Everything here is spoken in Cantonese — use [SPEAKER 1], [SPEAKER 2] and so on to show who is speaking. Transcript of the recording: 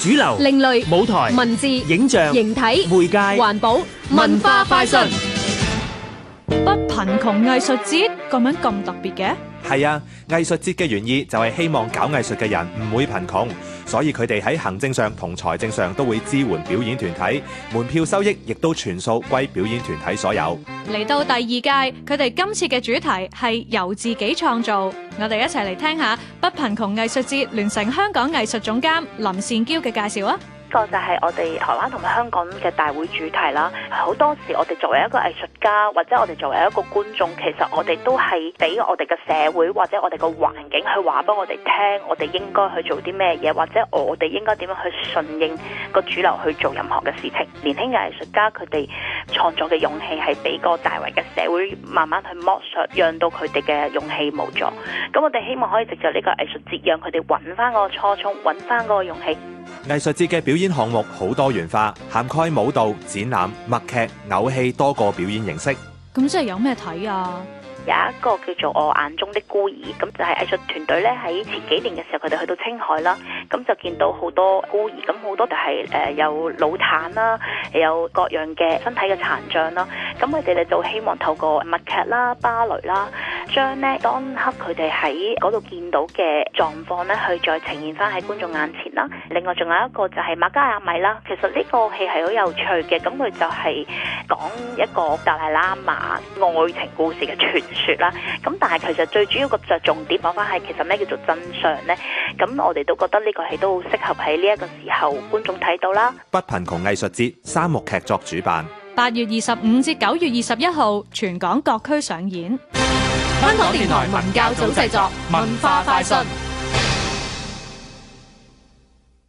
[SPEAKER 1] 主流、另類、舞台、文字、影像、形
[SPEAKER 2] 體、媒介、環保、文化快訊。不貧窮藝術節咁樣咁特別嘅？
[SPEAKER 3] 係啊，藝術節嘅原意就係希望搞藝術嘅人唔會貧窮。所以佢哋喺行政上同財政上都會支援表演團體，門票收益亦都全數歸表演團體所有。
[SPEAKER 2] 嚟到第二屆，佢哋今次嘅主題係由自己創造。我哋一齊嚟聽下不貧窮藝術節聯席香港藝術總監林善嬌嘅介紹啊！
[SPEAKER 1] 個就係我哋台灣同埋香港嘅大會主題啦。好多時我哋作為一個藝術家，或者我哋作為一個觀眾，其實我哋都係俾我哋嘅社會或者我哋嘅環境去話俾我哋聽，我哋應該去做啲咩嘢，或者我哋應該點樣去順應個主流去做任何嘅事情。年輕嘅藝術家佢哋創作嘅勇氣係俾個大圍嘅社會慢慢去剝削，讓到佢哋嘅勇氣冇咗。咁我哋希望可以藉着呢個藝術節，讓佢哋揾翻嗰個初衷，揾翻嗰個勇氣。
[SPEAKER 3] 藝術節嘅表演項目好多元化，涵蓋舞蹈、展覽、默劇、偶戲多個表演形式。
[SPEAKER 2] 咁即係有咩睇啊？有一個叫做我眼中
[SPEAKER 1] 的孤兒，咁就係藝術團隊咧喺前幾年嘅時候，佢哋去到青海啦，咁就見到好多孤兒，咁好多就係、是、誒、呃、有腦癱啦，有各樣嘅身體嘅殘障啦，咁佢哋咧就希望透過默劇啦、芭蕾啦。將咧當刻佢哋喺嗰度見到嘅狀況呢，去再呈現翻喺觀眾眼前啦。另外仲有一個就係、是《瑪加亞米》啦。其實呢個戲係好有趣嘅，咁佢就係講一個達賴喇嘛愛情故事嘅傳說啦。咁但係其實最主要個著重點講翻係，其實咩叫做真相呢？咁我哋都覺得呢個戲都好適合喺
[SPEAKER 3] 呢一個時候觀眾睇到啦。不貧窮藝術節，三木劇作主辦，
[SPEAKER 2] 八月二十五至九月二十一號，全港各區上演。
[SPEAKER 3] 香港電台文
[SPEAKER 2] 教組製作《文化快訊》。